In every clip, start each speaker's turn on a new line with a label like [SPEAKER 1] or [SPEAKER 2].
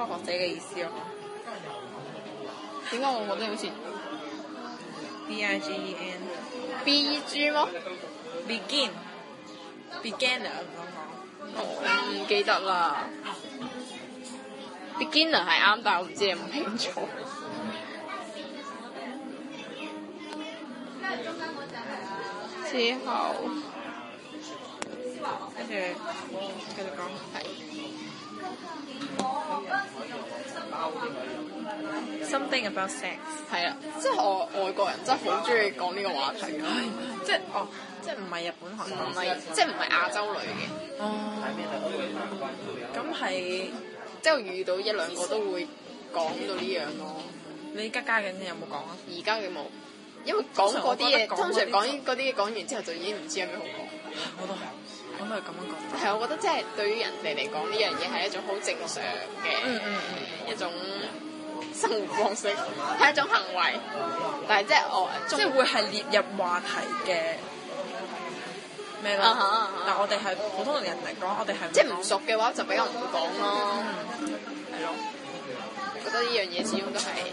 [SPEAKER 1] 初學者嘅意思咯，點解我覺得好似 B I G E N B E G 嗎？Begin beginner 哦，唔記得啦，beginner 係啱，但係我唔知你唔清楚。之後
[SPEAKER 2] 跟
[SPEAKER 1] 住繼續講。Something about sex。係啊，即係我外國人真係好中意講呢個話題咯。 即係哦，即係唔係日本韓國，唔係是即係唔係亞洲女嘅。
[SPEAKER 2] 哦、嗯。咁
[SPEAKER 1] 係，即係遇到一兩個都會講到呢樣咯。你而家嘅你有冇講啊？而家嘅冇，因為講嗰啲嘢通常講嗰啲講,講完之後就已經唔知有咩好講。我都係。我咪咁樣講。係，我覺得即係對於人哋嚟講，呢樣嘢係一種好正常嘅一種生活方式，係一種行為。但係即係我即係會係列入話題嘅咩啦？但我哋係普通人嚟講，我哋係即係唔熟嘅話就比較唔
[SPEAKER 2] 會講咯。係咯，我
[SPEAKER 1] 覺得呢樣嘢始終都係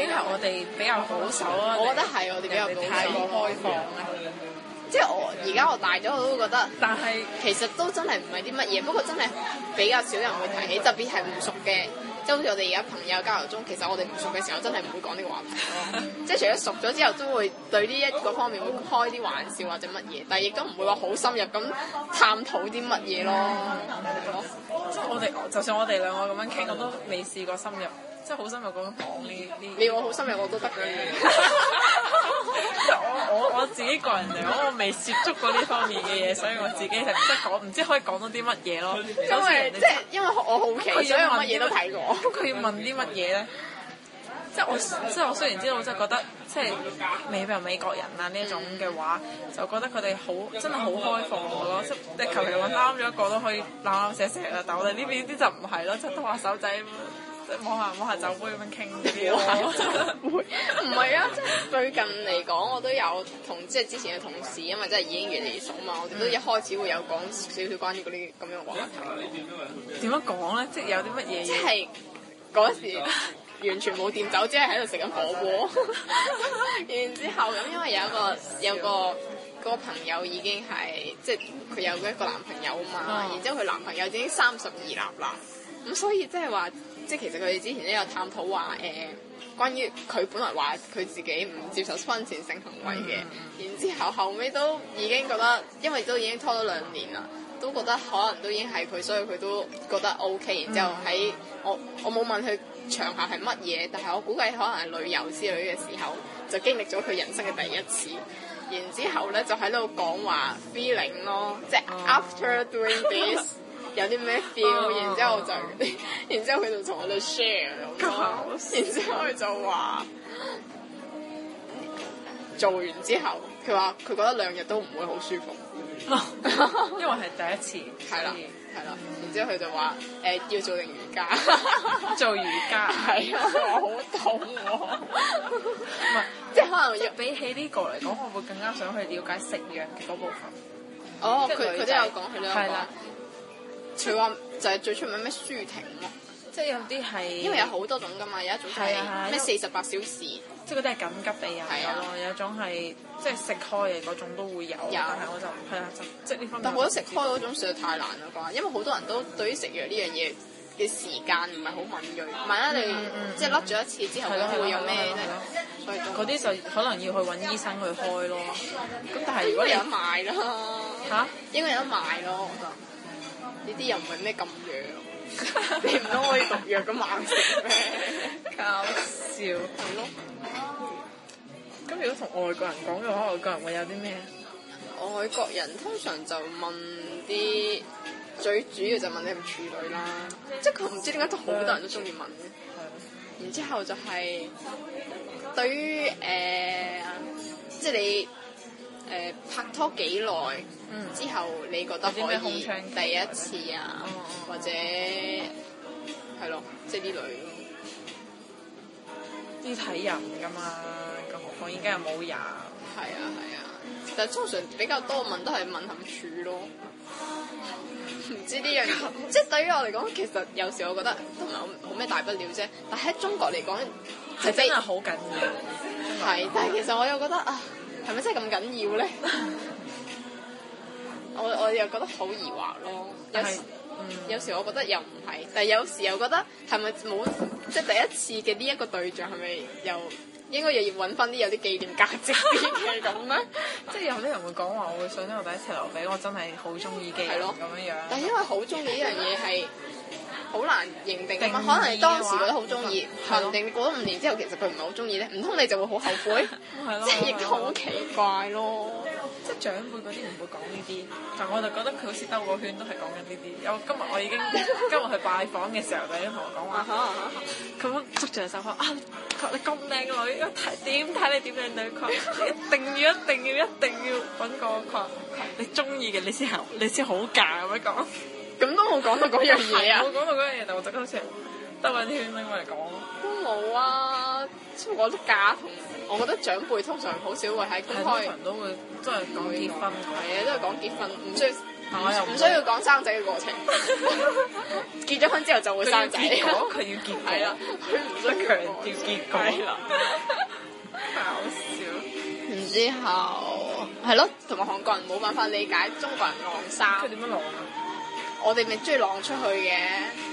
[SPEAKER 1] 因為我哋比較保守咯。我覺得係我哋比較保守，太過開放啦。即係我而家我大咗我都覺得但是，但係其實都真係唔係啲乜嘢，不過真係比較少人會提起，特別係唔熟嘅，即係好似我哋而家朋友交流中，其實我哋唔熟嘅時候真係唔會講呢個話題咯。 即係除咗熟咗之後，都會對呢一個方面會開啲玩笑或者乜嘢，但係亦都唔會話好深入咁探討啲乜嘢咯。即係 我哋就算我哋兩個咁樣傾，我都未試過深入， 即係好深入咁樣講呢呢。 你我好深入我都得嘅。即 我我我自己個人嚟講，我未接觸過呢方面嘅嘢，所以我自己就唔識講，唔知可以講到啲乜嘢咯。因為即、就係、因為我好奇，要所以我乜嘢都睇過。佢要問啲乜嘢咧？即我即我雖然知道，我真係覺得即美美美國人啊呢種嘅話，就覺得佢哋好真係好開放嘅咯。即你求其揾啱咗一個都可以，攬攬錫錫啊。但我哋呢邊啲就唔係咯，即都話手仔。即係摸下摸下酒杯咁樣傾啲咯，唔係啊！即係最近嚟講，我都有同即係之前嘅同事，因為真係已經越嚟越熟嘛，我哋都一開始會有講少少關於嗰啲咁樣話題。點樣講咧？即係有啲乜嘢？即係嗰時完全冇掂酒，只係喺度食緊火鍋。 完之後咁，因為有個有個。有個朋友已經係即係佢有一個男朋友啊嘛，oh. 然之後佢男朋友已經三十二立立，咁所以即係話即係其實佢哋之前都有探討話誒，關於佢本來話佢自己唔接受婚前性行為嘅，然之後後尾都已經覺得，因為都已經拖咗兩年啦，都覺得可能都已經係佢，所以佢都覺得 OK，然之後喺我我冇問佢場合係乜嘢，但係我估計可能係旅遊之類嘅時候就經歷咗佢人生嘅第一次。然之後咧就喺度講話 feeling 咯，即係 after doing this 有啲咩 feel，然之後就，然之後佢就同我哋 share 咁， 然之後佢就話做完之後，佢話佢覺得兩日都唔會好舒服， 因為係第一次。係啦。係啦，然之後佢就話誒、欸、要做定瑜伽， 做瑜伽係啊，好痛喎！唔係，即係可能要比起呢個嚟講，我會更加想去了解食藥嘅嗰部分。
[SPEAKER 2] 哦，佢佢都有講佢兩個。係啦，
[SPEAKER 1] 佢話了就係最出名咩舒婷咯。即係有啲係，因為有好多種㗎嘛，有一種係咩四十八小時，即係嗰啲係緊急病人㗎咯，有一種係即係食開嘅嗰種都會有，係我就係啦，就即係呢方，但係我覺得食開嗰種實在太難啦啩，因為好多人都對於食藥呢樣嘢嘅時間唔係好敏銳。唔係啊你，即係甩咗一次之後，嗰啲會有咩咧？嗰啲就可能要去揾醫生去開咯。咁但係如果有得賣咯嚇，應該有得賣咯，我覺得呢啲又唔係咩禁藥。 你唔通可以毒藥咁猛食咩？ 搞笑，係咯。咁如果同外國人講嘅話，外國人會有啲咩？外國人通常就問啲最主要就問你係咪處女啦，嗯、即佢唔知點解都好多人都中意問咧。嗯、然之後就係、是、對於誒、呃，即係你。誒、呃、拍拖幾耐之後，你覺得可以第一次啊，嗯、或者係咯、嗯嗯，即係啲女咯，啲睇、嗯、人㗎嘛，咁何況依家又冇人。係啊係啊，但係通常比較多問都係問倖處咯。唔 知呢樣，即係對於我嚟講，其實有時我覺得都係冇咩大不了啫。但係喺中國嚟講，係真係好緊要。係 國， 但係其實我又覺得啊。係咪真係咁緊要咧？ 我我又覺得好疑惑咯，是有時、嗯、有時我覺得又唔係，但係有時又覺得係咪冇即係第一次嘅呢一個對象係咪又應該又要揾翻啲有啲紀念價值嘅咁咧？ 即係有啲人會講話，我會想將我第一次留俾我，我真係好中意嘅人咁樣樣。但係因為好中意呢樣嘢係。好難認定啊嘛，可能你當時覺得好中意，係定過咗五年之後，其實佢唔係好中意咧，唔通你就會好後悔？係咯，即係亦好奇怪咯。即係長輩嗰啲唔會講呢啲，但係我就覺得佢好似兜個圈都係講緊呢啲。有今日我已經今日去拜訪嘅時候就已經同我講話，佢咁捉住隻手話啊，佢你咁靚女，點睇你點靚女？佢一定要一定要一定要揾個佢，你中意嘅你先行，你先好嫁咁樣講。咁都冇講到嗰樣嘢啊！冇講到嗰樣嘢，但係我特登得兜啲圈拎嚟講都冇啊！我覺得假同我覺得長輩通常好少會喺公開，韓國人都會都係講結婚，係啊，都係講結婚，唔需要唔需要講生仔嘅過程。結咗婚之後就會生仔。結果佢要結婚，係啦，佢唔需要強調結果。搞笑。然之後係咯，同埋韓國人冇辦法理解中國人講生，佢點樣講啊？我哋咪中意晾出去嘅，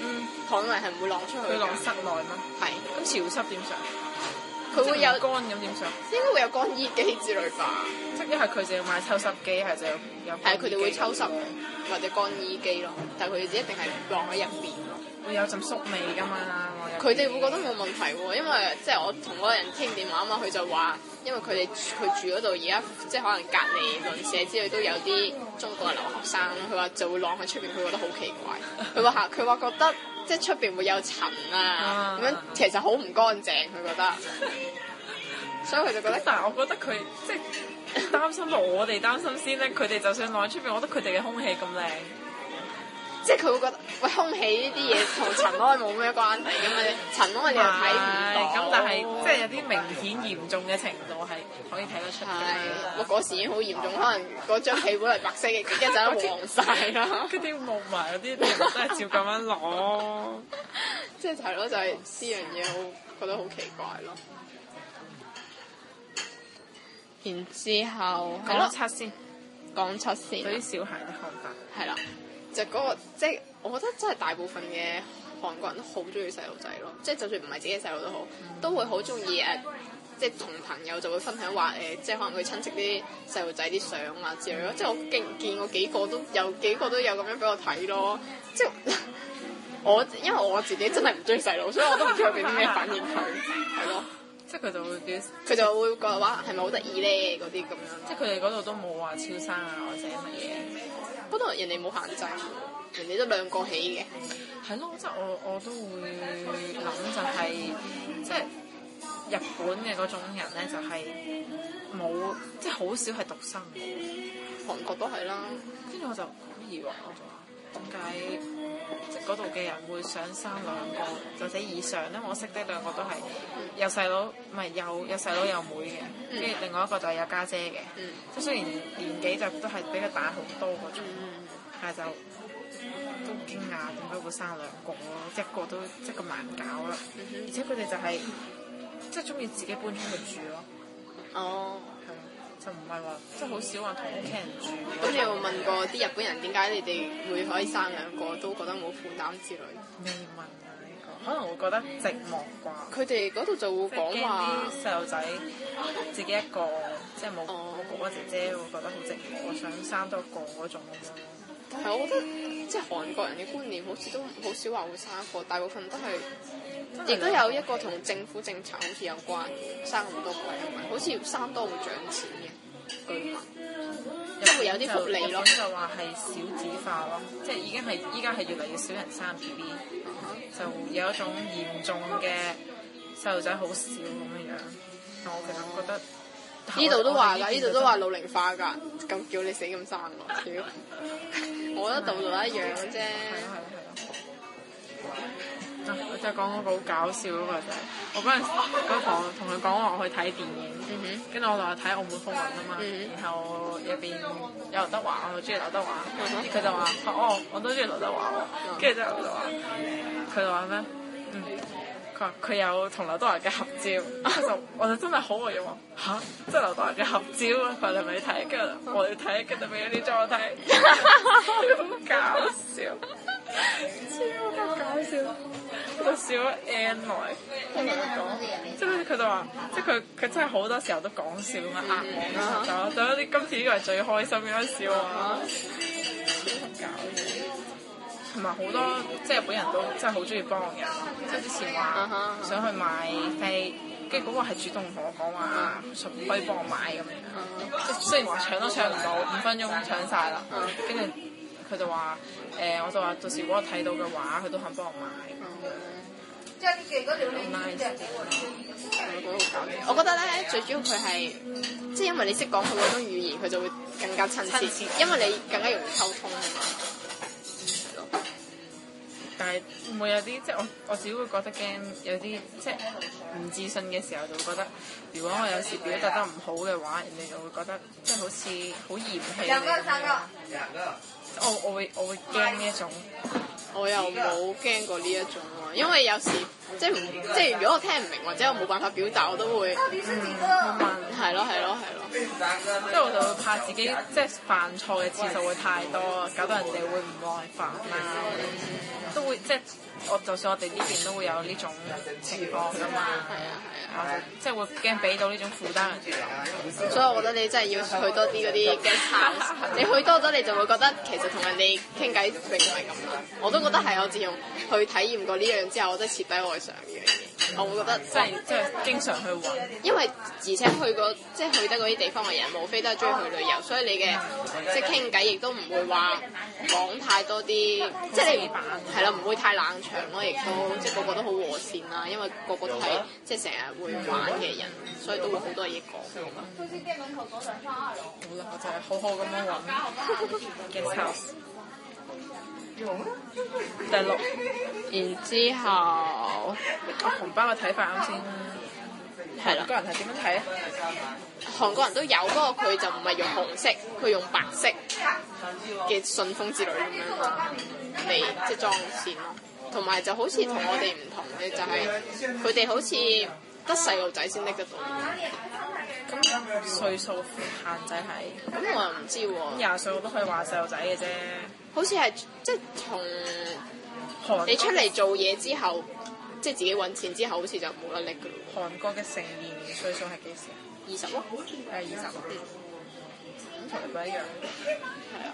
[SPEAKER 1] 嗯、唐人係唔會晾出去。佢晾室內咩？係。咁潮濕點算？佢會有乾咁點算？應該會有乾衣機之類吧。即係佢就要買抽濕機，係就有。係佢哋會抽濕或者乾衣機咯，但係佢哋一定係晾喺入邊。會有陣宿味㗎嘛，佢哋會覺得冇問題喎，因為即係、就是、我同嗰個人傾電話啊嘛，佢就話，因為佢哋佢住嗰度而家即係可能隔離鄰舍之類都有啲中國留學生，佢話就會晾喺出邊，佢覺得好奇怪，佢話嚇，佢話覺得即係出邊會有塵啊，咁 樣其實好唔乾淨，佢覺得， 所以佢就覺得，但係我覺得佢即係擔心我哋擔心先咧，佢哋 就算晾喺出邊，我覺得佢哋嘅空氣咁靚。即係佢會覺得，喂，空氣呢啲嘢同塵埃冇咩關係咁啊，塵埃你又睇唔到。咁但係即係有啲明顯嚴重嘅程度係可以睇得出嘅。我嗰時已經好嚴重，嗯、可能嗰張氣本嚟白色嘅，一陣黃晒啦。聽。嗰啲霧霾嗰啲都係照咁樣攞。即係係咯，就係呢樣嘢，我覺得好奇怪咯。然之後講七先，講七先。嗰啲小孩嘅看法，係啦 的。就嗰個，即係我覺得真係大部分嘅韓國人都好中意細路仔咯，即係就算唔係自己細路都好，都會好中意誒，即係同朋友就會分享話誒，即係可能佢親戚啲細路仔啲相啊之類咯，即係我見見過幾個都有幾個都有咁樣俾我睇咯，即係我因為我自己真係唔中意細路，所以我都唔知我俾啲咩反應佢，係咯，即係佢就會佢就會覺得話係咪好得意咧嗰啲咁樣。即係佢哋嗰度都冇話超生啊或者乜嘢。嗰度人哋冇限制，人哋都兩個起嘅。係咯，即係我我都會諗就係、係，即、就、係、係、日本嘅嗰種人咧，就係冇，即係好少係獨生嘅。韓國都係啦。跟住我就好疑惑，唔知點解。嗰度嘅人會想生兩個或者以上咧，我識得兩個都係有細佬，唔係有有細佬有妹嘅，跟住另外一個就係有家姐嘅，即、嗯、雖然年紀就都係比佢大好多嗰種，但就都驚訝點解會生兩個咯，一個都即咁難搞啦，而且佢哋就係即中意自己搬出去住咯。哦。就唔係話，即係好少話同屋企人住。咁有冇問過啲日本人點解你哋會可以生兩個都覺得冇負擔之類？未問啊呢個，可能會覺得寂寞啩。佢哋嗰度就會講話細路仔自己一個，即係冇哥哥姐姐會覺得好寂寞，我想生多個嗰種咁樣。係，我覺得即係韓國人嘅觀念好似都好少話會生個，大部分都係，
[SPEAKER 2] 亦都有
[SPEAKER 1] 一個同政府政策好似有關，生咁多鬼，好似生多會獎錢嘅居民，即係
[SPEAKER 2] 會有啲福利咯。就話
[SPEAKER 1] 係少子化咯，嗯、即係已經係依家係越嚟越少人生 B B，嗯、就有一種嚴重嘅細路仔好少咁樣樣。嗯、我其實我覺得呢度我我都話㗎，呢度都話老齡化㗎，咁叫你死咁生咯， 嗯、我覺得度度一樣啫。係咯係咯係咯。啊！我真係講個好搞笑嗰個，我嗰陣時嗰日講同佢講話我去睇電影，嗯、哼跟住我就話睇《澳門風雲》啊嘛、嗯哼，然後入邊有劉德華，我就中意劉德華，佢、嗯、哼就話：，哦，我都中意劉德華，跟住之後就就話，佢就話咩？嗯。佢有同劉德華嘅合照，我就 我就真係好愕然喎，即係劉德華嘅合照，佢哋咪要睇，跟住我要睇，跟住咪有啲裝睇，
[SPEAKER 2] 咁 搞
[SPEAKER 1] 笑，超級搞笑，我笑咗 N 耐，即係佢就話，即係佢佢真係好多時候都講笑咁樣，壓我 啊，仲有啲今次呢個係最開心嗰啲笑啊，啊搞笑。同埋好多即係本人都真係好中意幫人，即係之前話想去買飛，跟住嗰個係主動同我講話，順便可以幫我買咁樣。即雖然話搶都搶唔到，五分鐘搶晒啦。跟住佢就話，誒，我就話到時如果我睇到嘅話，佢都肯幫我買。即
[SPEAKER 2] 係你
[SPEAKER 1] 見嗰條，我覺得咧，最主要佢係即係因為你識講佢嗰種語言，佢就會更加親切，因為你更加容易溝通啊嘛。但係會唔會有啲即係我我自己會覺得驚，有啲即
[SPEAKER 2] 係唔
[SPEAKER 1] 自信嘅時候就會覺得，如果我有時表達得唔好嘅話，人哋就會覺得即係好似好嫌棄你
[SPEAKER 2] 咁
[SPEAKER 1] 樣。個我我會我會驚呢一種，我又冇驚過呢一種喎，因為有時。即係即係如果我聽唔明或者我冇辦法表達，我都會、嗯、問，係咯係咯係咯，即係我就會怕自己即係、就是、犯錯嘅次數會太多，搞到人哋會唔耐煩啦，都會即係、就是、我就算我哋呢邊都會有呢種情況㗎嘛，係啊係啊，即係、啊就是、會驚俾到呢種負擔，所以我覺得你真係要去多啲嗰啲嘅嘢， 你去多咗你就會覺得其實同人哋傾偈並唔係咁啦，我都覺得係、嗯、我自從去體驗過呢樣之後，我真係徹底我。上嘅嘢，我會覺得即係即係經常去玩，因為而且去過即係去得嗰啲地方嘅人，無非都係中意去旅遊，所以你嘅即係傾偈亦都唔會話講太多啲，即係你係啦，唔會太冷場咯，亦都即係個個都好和善啦，因為個個都係即係成日會玩嘅人，所以都會好多嘢講。好啦，我就係好好咁樣玩。第六，然之後、 啊，紅包嘅睇法啱先，
[SPEAKER 2] 係啦的。韓國人係點樣睇啊？
[SPEAKER 1] 韓國人都有，那個、不過佢就唔係用紅色，佢用白色嘅信封之類咁樣嚟即係裝錢咯。同埋就好似同我哋唔同嘅，就係佢哋好似得細路仔先拎得到。咁歲數限制係？咁、嗯、我又唔知喎、啊。廿歲我都可以話細路仔嘅啫。好似係即係從
[SPEAKER 2] 韓國你出嚟做
[SPEAKER 1] 嘢之後，即係自己揾錢之後好，好似就冇得力噶咯。韓國嘅成年嘅歲數係幾時啊？二十咯，係二十。咁同日本一樣？係啊。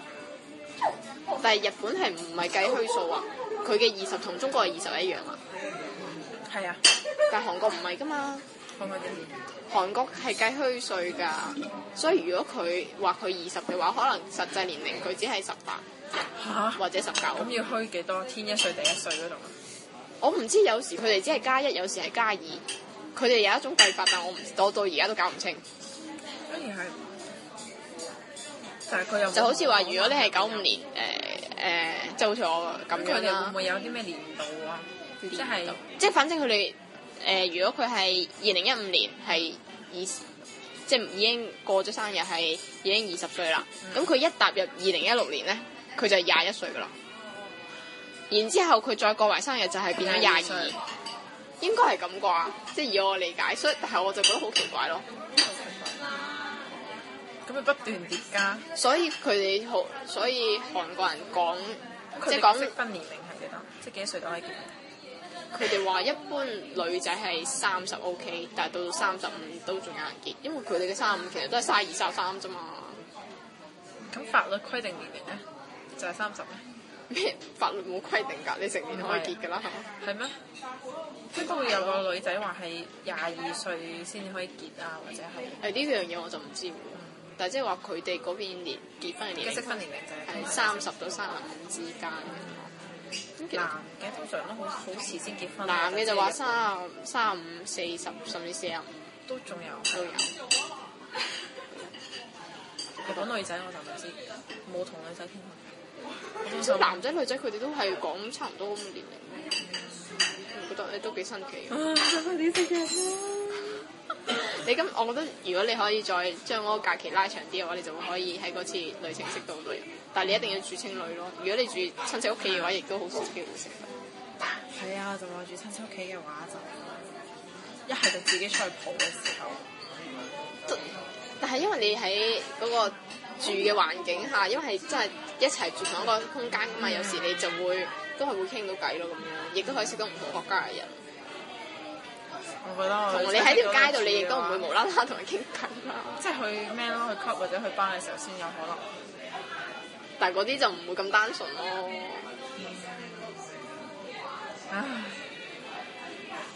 [SPEAKER 1] 但係日本係唔係計虛數、嗯、啊？佢嘅二十同中國嘅二十一樣啊？係啊。但係韓國唔係㗎嘛？韓國係計虛歲㗎，所以如果佢話佢二十嘅話，可能實際年齡佢只係十八或者十九。咁要虛幾多？天一歲地一歲嗰種。我唔知有時佢哋只係加一，有時係加二。佢哋有一種計法，但我唔知我到而家都搞唔清。當然係，但係佢又就好似話，如果你係九五年誒誒，即好似我咁樣啦。佢哋會唔會有啲咩年度啊？即係即係，反正佢哋。誒、呃，如果佢係二零一五年係已，即係已經過咗生日，係已經二十歲啦。咁佢、嗯、一踏入二零一六年咧，佢就廿一歲噶啦。然之後佢再過埋生日就係變咗廿二，應該係咁啩。即係以我理解，所以但係我就覺得好奇怪咯。咁咪不斷疊加。所以佢哋好。所以韓國人講他們 講，即係講適婚年齡係幾多，多，即係幾多歲都可以結婚。佢哋話一般女仔係三十 OK，但係到三十五都仲有人結，因為佢哋嘅三十五其實都係卅二、卅三啫嘛。咁法律規定年齡咧，就係三十咩？咩法律冇規定㗎，你成年都可以結㗎啦嚇。係咩？都會有個女仔話係廿二歲先至可以結啊，或者係。係呢樣嘢我就唔知喎，嗯、但係即係話佢哋嗰邊年結婚嘅年適婚年齡就係三十到三十五之間。嗯男嘅通常都好好遲先結婚，男嘅就話三啊三五四十，甚至四十五都仲有都
[SPEAKER 2] 有。
[SPEAKER 1] 講有 女仔我就唔知，冇同女仔傾。其實、嗯、男仔女仔佢哋都係講差唔多咁嘅年齡，嗯、覺得誒、欸、都幾新奇。
[SPEAKER 2] 啊。
[SPEAKER 1] 你咁，我覺得如果你可以再將嗰個假期拉長啲嘅話，你就會可以喺嗰次旅程識到女人。但係你一定要住青旅咯。如果你住親戚屋企嘅話，亦都好少機會識到。係啊、嗯，就我住親戚屋企嘅話，就一係就自己出去蒲嘅時候，但係因為你喺嗰個住嘅環境下，因為係真係一齊住同一個空間㗎嘛，嗯、有時你就會都係會傾到偈咯咁樣，亦都可以識到唔同國家嘅人。我覺得同你喺條街度，你亦都唔會無啦啦同佢傾偈啦。即係去咩咯？去 club 或者去 bar 嘅時候先有可能。但係嗰啲就唔會咁單純咯、啊。嗯、
[SPEAKER 2] 唉，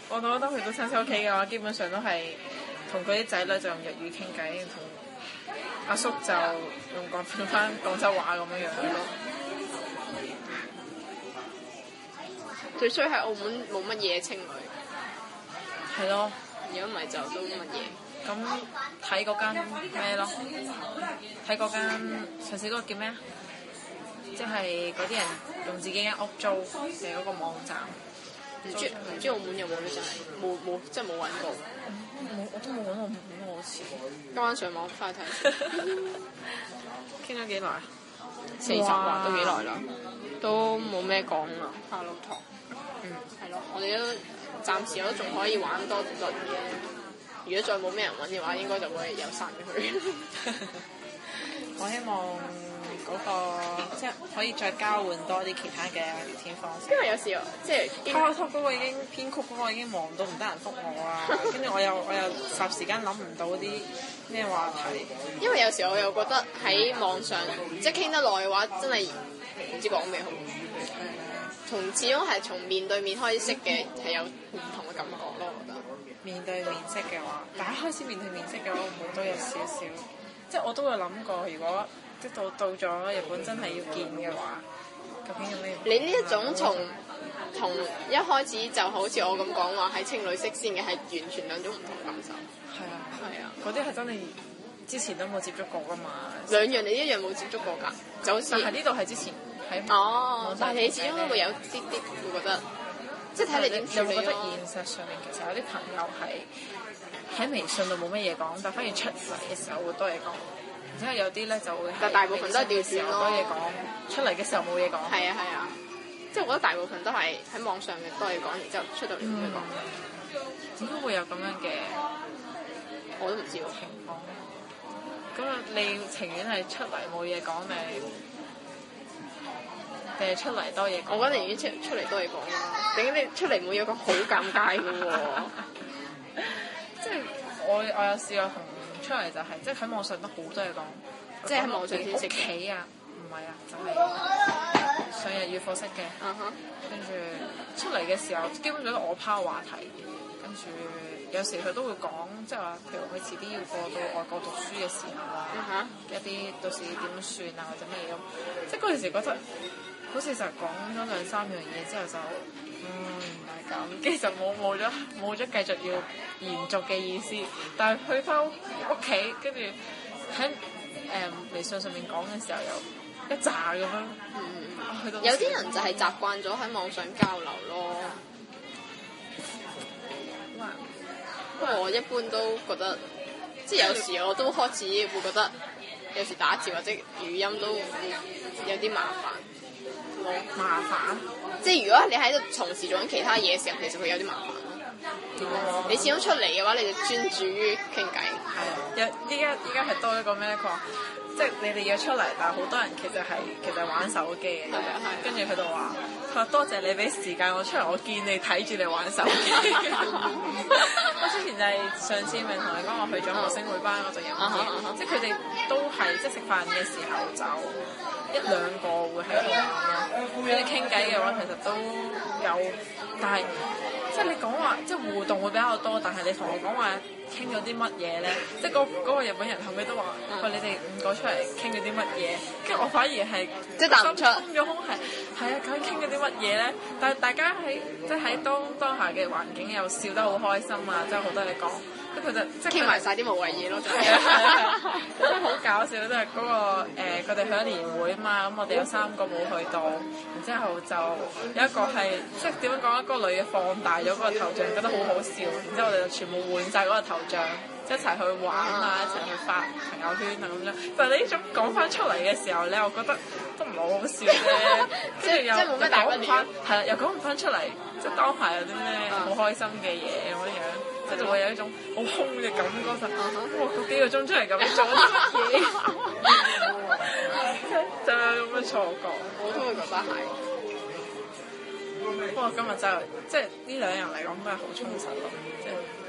[SPEAKER 1] 我覺得去到親戚屋企嘅話，基本上都係同佢啲仔女就用日語傾偈，同阿叔，叔就用講翻廣州話咁樣樣咯。最衰係澳門冇乜嘢青旅。係、嗯、咯，如果唔係就都乜嘢。咁睇嗰間咩
[SPEAKER 2] 咯？
[SPEAKER 1] 睇嗰間上次嗰個叫咩啊？即係嗰啲人用自己間屋租嘅嗰個網站。唔住知澳門有冇咧？就係冇冇，即係冇揾過、嗯。我都冇揾過，冇攞過今晚上網翻去睇。傾咗幾耐啊？四十話都幾耐啦。都冇咩講啦。茶樓堂。嗯。係咯，我哋都。暫時我都仲可以玩多啲嘢，如果再冇咩人揾嘅話，應該就會有散咗去。 我希望嗰、那個即係、就是、可以再交換多啲其他嘅聊天方式。因為有時即係，開拓嗰個已經編曲嗰個已經忙到唔得人覆我啊，跟住我又我又霎時間諗唔到啲咩話題。因為有時我又覺得喺網上即係傾得耐嘅話，真係唔知講咩好。同始終係從面對面開始識嘅，係有唔同嘅感覺咯。我覺得面對面識嘅話，但一開始面對面識嘅話，冇多有少少。即係我都會諗過，如果即到到咗日本真係要見嘅話，究竟有咩？你呢一種從從一開始就好似我咁講話喺青旅識先嘅，係完全兩種唔同嘅感受。係啊，係啊，嗰啲係真係之前都冇接觸過噶嘛。兩樣你一樣冇接觸過㗎，就喺呢度係之前。哦，但係你始終都會有啲
[SPEAKER 2] 啲會覺得， 即係睇你點處理，你又會
[SPEAKER 1] 覺得現實上面其實有啲朋友係喺微信度冇乜嘢講，但反而出嚟嘅時候會多嘢講。然之後有啲咧就會，但大部分都係屌線咯。多 嘢講，出嚟嘅時候冇嘢講。係 啊係啊，啊，即係我覺得大部分都係喺網上面多嘢講，然之後出到嚟冇嘢講。應該、嗯、會有咁樣嘅，我都唔知個情況。咁啊，你情願係出嚟冇嘢講定係？嗯嗯定係出嚟多嘢講，我覺得寧願出出嚟多嘢講咯。點解你出嚟冇嘢講好尷尬嘅喎？即係我我有試過同出嚟就係、是，即係喺網上都好多嘢講，
[SPEAKER 2] 即係喺網上之
[SPEAKER 1] 前企啊，唔係啊，就係、是、上日語課識嘅，跟住、uh huh. 出嚟嘅時候基本上都我拋話題，跟住有時佢都會講，即係話譬如佢遲啲要過到外國讀書嘅時候、uh huh. 時啊，一啲到時點算啊或者咩咁，即係嗰陣時覺得。好似就係講咗兩三樣嘢之後就，嗯，唔係咁，其實冇冇咗冇咗繼續要延續嘅意思，但係去翻屋企跟住喺誒微信上面講嘅時候又一紮咁樣，
[SPEAKER 2] 嗯、有啲人就係
[SPEAKER 1] 習慣咗喺網上交流咯。不過我一般都覺得，即係有時我都開始會覺得有時打字或者語音都有啲麻煩。麻煩，即係如果你喺度從事做緊其他嘢嘅時候，其實會有啲麻煩咯。嗯、
[SPEAKER 2] 你始終出
[SPEAKER 1] 嚟嘅話，你就專注於傾偈。係啊、嗯，有依家依家係多一個咩咧？佢即係你哋約出嚟，但係好多人其實係其實玩手機。嘅、啊。啊係。跟住佢就話：佢話多謝你俾時間我出嚟，我見你睇住你玩手機。 我之前就係上次咪同你講，我去咗學星匯班我就有啲，即係佢哋都係即係食飯嘅時候就走一兩個會喺度
[SPEAKER 2] 玩，佢哋傾偈嘅話其實都
[SPEAKER 1] 有，但係。即係你講話，即係互動會比較多，但係你同我講話傾咗啲乜嘢咧？即係嗰個日本人後尾都話：，話、哦、你哋五個出嚟傾咗啲乜嘢？跟住我反而係心空咗空係係啊！究竟傾咗啲乜嘢咧？但係大家喺即係喺當當下嘅環境又笑得好開心啊！真係好多你講。佢就即 keep 埋晒啲無謂嘢咯，真係，好 搞笑。都係嗰個誒，佢哋去咗年會啊嘛，咁我哋有三個冇去到，然之後就有一個係即點樣講咧，一個女嘅放大咗嗰個頭像，覺得好好笑，然之後我哋就全部換晒嗰個頭像，一齊去玩啊，一齊去發朋友圈啊咁樣。就你呢種講翻出嚟嘅時候咧，我覺得都唔係好好笑咧， 即係又即冇乜講翻，係啦，又講唔翻出嚟，即當排有啲咩好開心嘅嘢咁樣樣。 即係就會有一種好空嘅感覺，就、uh huh. 哇個幾個鐘出嚟咁，做啲乜嘢？就係咁嘅錯覺，我都覺得係。不過今日真係即係呢兩日嚟講，講都係好充實咯。即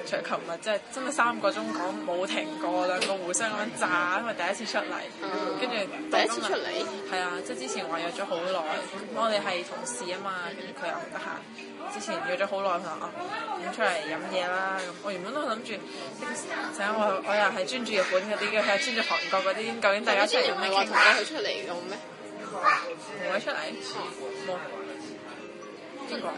[SPEAKER 1] 除咗琴日即係真係三個鐘講冇停過，兩個互相咁樣炸，因為第一次出嚟，跟住、嗯、第一次出嚟，係啊，即係之前話約咗好耐，我哋係同事啊嘛，跟住佢又唔得閒，之前約咗好耐，佢話哦，點、啊、出嚟飲嘢啦咁，我原本都諗住，成日我我又係專注日本嗰啲，佢又專注韓國嗰啲，究竟大家出嚟做咩傾偈？嗯那個、出嚟嘅咩？同佢出嚟？冇、嗯。真係、這個。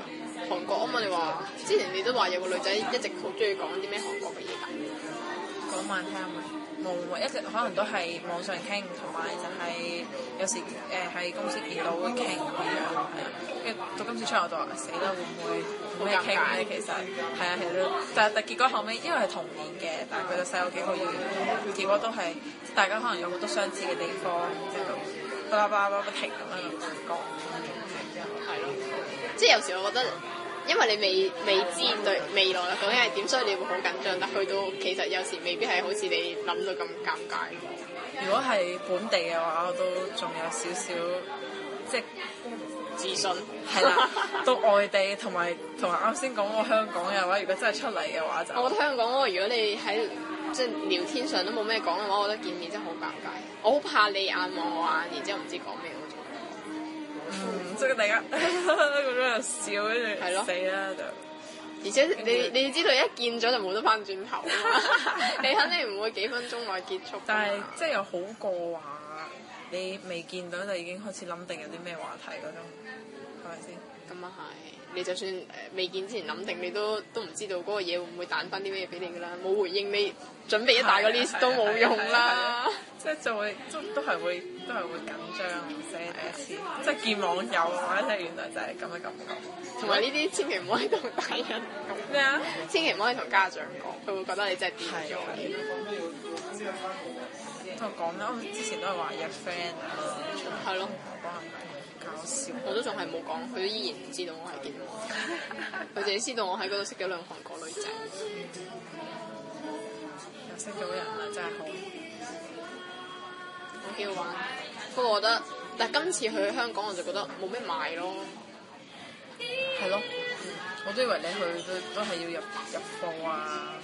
[SPEAKER 1] 韓國啊嘛，你話之前你都話有個女仔一直好中意講啲咩韓國嘅嘢噶，講晚聽冇冇一直可能都係網上傾，同埋就係有時誒喺、呃、公司見到會傾咁樣，係啊，跟住到今次出嚟就話、啊、死啦，會唔會冇咩傾嘅其實，係啊係啊，但係但結果後尾，因為係同年嘅，但係佢就細我幾好遠，結果都係大家可能有好多相似嘅地方，即係咁，巴拉巴拉不停咁樣講，係咯。即係有時我覺得，因為你未未知對未來究竟係點，所以你會好緊張，但去到其實有時未必係好似你諗到咁尷尬。如果係本地嘅話，我都仲有少少即係自信。係啦的， 到外地同埋同埋啱先講過香港嘅話，如果真係出嚟嘅話就，就我覺得香港，個如果你喺即係聊天上都冇咩講嘅話，我覺得見面真係好尷尬。我好怕你眼望我、啊、眼，然之後唔知講咩。即係家，然間嗰種又笑，跟住死啦的就。而且後你你知道你一見咗就冇得翻轉頭， 你肯定唔會幾分鐘內結束。但係即係又好過話你未見到就已經開始諗定有啲咩話題嗰種，係咪先？咁啊係。你就算誒未見之前諗定，你都都唔知道嗰個嘢會唔會彈翻啲咩嘢俾你噶啦，冇回應，你準備一大個 list 都冇用啦。即係就會、會，都係會，都係會緊張，唔即係見網友或者就原來就係咁嘅感覺。同埋呢啲千祈唔可以同大人講咩啊，對千祈唔可以同家長講，佢會覺得你真係變咗。同講啦，到之前都係話有 friend 啊，係咯。搞笑，我都仲係冇講，佢都、嗯、依然唔知道我係點，佢淨係知道我喺嗰度識咗兩韓國女
[SPEAKER 2] 仔、嗯，又識咗人啦，嗯、真係
[SPEAKER 1] 好、啊，我幾好玩。不過我覺得，但今次去香港我就覺得冇咩買咯，係咯，我都以為你去都都係要入入貨啊。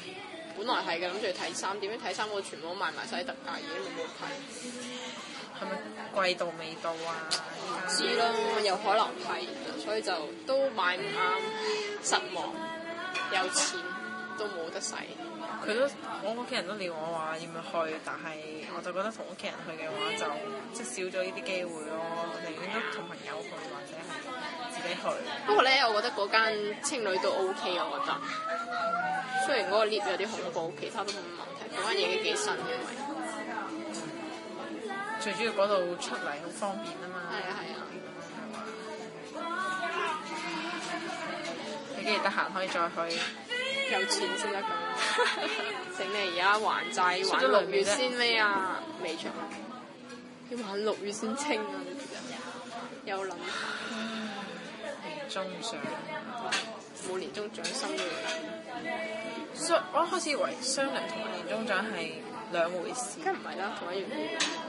[SPEAKER 1] 本來係嘅，諗住睇衫，點知睇衫我全部都賣埋晒啲特價嘢，已經冇睇。季度未到啊，唔知咯，有可能係，所以就都買唔啱，失望，有錢的都冇得使。佢都我屋企人都撩我話要唔要去，但係我就覺得同屋企人去嘅話就即係、就是、少咗呢啲機會咯，寧願都同朋友去或者係自己去。不過咧，我覺得嗰間青旅都 O、OK、K，我覺得。雖然嗰個 lift 有啲恐怖，其他都冇乜問題，嗰間嘢都幾新嘅。最主要嗰度出嚟好方便啊嘛，你幾時得閒可以再去？有錢先得㗎，整你而家還債還六月先咩啊？未出，要還六月先清啊！有諗吧，下年終 獎冇年終獎薪嘅，商、so，我一開始以為商量同年終獎係兩回事，梗唔係啦，同一樣。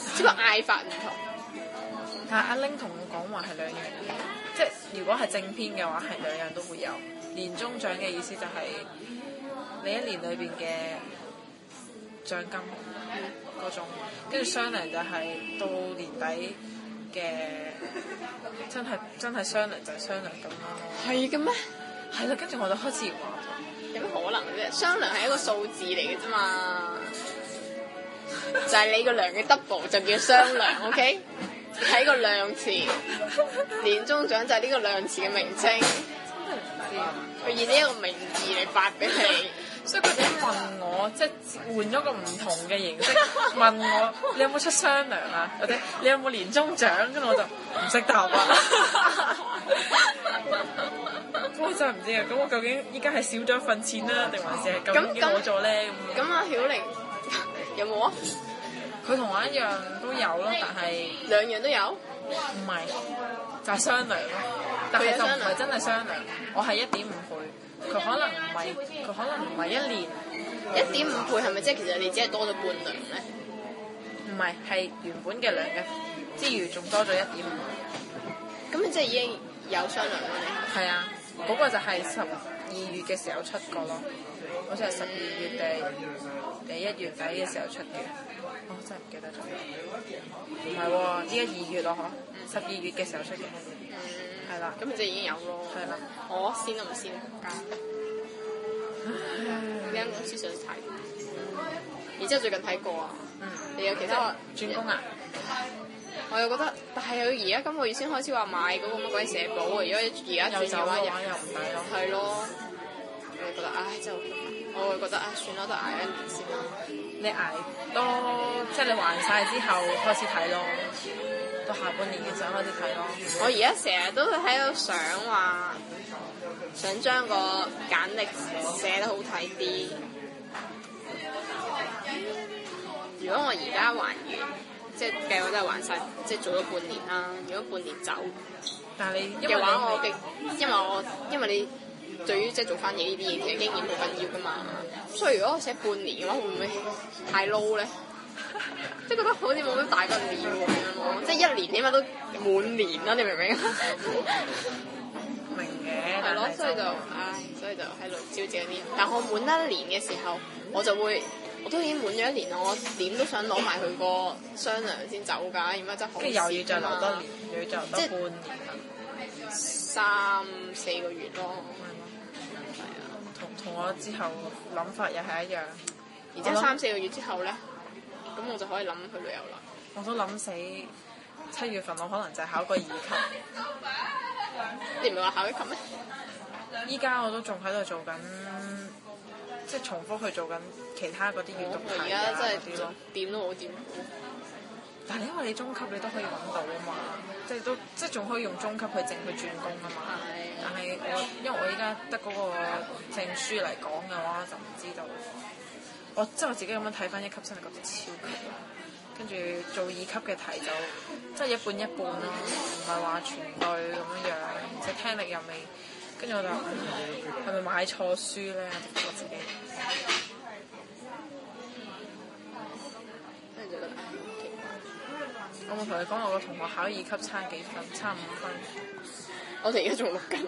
[SPEAKER 1] 呢個嗌法唔同，但係阿玲同我講話係兩樣， 即係如果係正篇嘅話係兩樣都會有。年終獎嘅意思就係、是、你一年裏邊嘅獎金嗰、嗯、種，跟住雙糧就係到年底嘅 真係真係雙糧就係雙糧咁啦。係嘅咩？係啦，跟住我就開始話，有乜可能啫？雙糧係一個數字嚟嘅啫嘛。 就係你個量嘅 double 就叫商量，OK？睇個量詞， 年終獎就係呢個量詞嘅名稱。唔知佢以呢一個名字嚟發俾你 所，所以佢哋問我，即、就、係、是、換咗個唔同嘅形式問我，你有冇出商量啊？或、okay? 者你有冇年終獎？跟住我就唔識答啊。 我真係唔知啊！咁究竟依家係少咗一份錢啦，定還是係咁已經攞咗咧？咁咁阿曉玲。 有冇啊？佢同我一樣都有咯，但係兩樣都有？唔係，就係、是、雙糧咯。
[SPEAKER 2] 但係就唔係
[SPEAKER 1] 真係雙糧。我係一點五倍。佢可能唔係，佢可能唔係一年一點五倍，係咪即係其實你只係多咗半糧咧？唔係，係原本嘅糧嘅之餘，仲多咗一點五倍。咁你即係已經有雙糧嘅，你係啊，嗰、那個就係十二月嘅時候出過咯。好似係十二月
[SPEAKER 2] 定定一月底嘅時候出嘅，哦、oh，真係唔記得咗。唔係喎，依家二月
[SPEAKER 1] 咯，嗬，十二月嘅時候出嘅，係啦。咁就已經有咯。係啦了，我先都唔先加。啱公司想睇，然之後最近睇過啊、嗯。 嗯。你有其他轉工啊？我又覺得，但係佢而家今個月先開始話買嗰、嗰個乜、嗰個、鬼社保啊！而家而家轉走嘅又唔抵咯。係咯。我覺得唉，真係我會覺得啊、哎，算啦，都捱一年先啦。你捱多，即係你還晒之後開始睇咯，到下半年嘅時候開
[SPEAKER 2] 始睇咯。我而家成
[SPEAKER 1] 日都喺度想話，想將個簡歷寫得好睇啲。
[SPEAKER 2] 如果我而家
[SPEAKER 1] 還完，即係計我都係還晒，即係做咗半年啦。如果半年走，但係你因為你因為我因為你。嘅話。對於即係做翻嘢呢啲嘢，其實經驗好緊要噶嘛。所以如果我寫半年嘅話，會唔會太 low 咧？ 即係覺得好似冇乜大個面咁樣喎。 即係一年點啊都滿年啦、啊，你明唔 明啊？明嘅。係咯，所以就
[SPEAKER 2] 唉、哎，所
[SPEAKER 1] 以就喺度招借啲。但係我滿一年嘅時候，我就會。我都已經滿咗一年咯，我點都想攞埋佢個雙糧先走㗎，而家真好。跟住又要再留多年，又要再留多半年，即三四個月咯。係、嗯、啊，同同我之後諗法又係一樣。然之後三都四個月之後咧，咁我就可以諗去旅遊啦。我都諗死，七月份我可能就考個二級。 你唔係話考一級咩？依家我都仲喺度做緊。即係重複去做緊其他嗰啲閱讀題啊，而家真係點咯，點都冇點。但係因為你中級你都可以揾到啊嘛，即係都即係仲可以用中級去證去轉工啊嘛。嗯、但係我、嗯、因為我依家得嗰個證書嚟講嘅話就唔知道。我即係我自己咁樣睇翻一級真係覺得超級，跟住做二級嘅題就即係、就係、一半一半咯，唔係話全部咁樣樣，即係聽力又未。跟住我就係咪、嗯、買錯書咧？我、啊、自己得：就「好奇怪。
[SPEAKER 2] 我」我冇同你講我個同學考二級差幾分，差五分。
[SPEAKER 1] 我哋而家仲錄緊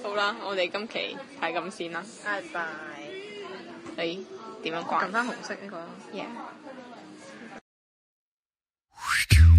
[SPEAKER 1] 喎，
[SPEAKER 2] 好
[SPEAKER 1] 啦，我哋今期係咁先啦，拜拜 bye。你點、哎、樣掛？撳翻紅色呢個。y、yeah.
[SPEAKER 2] e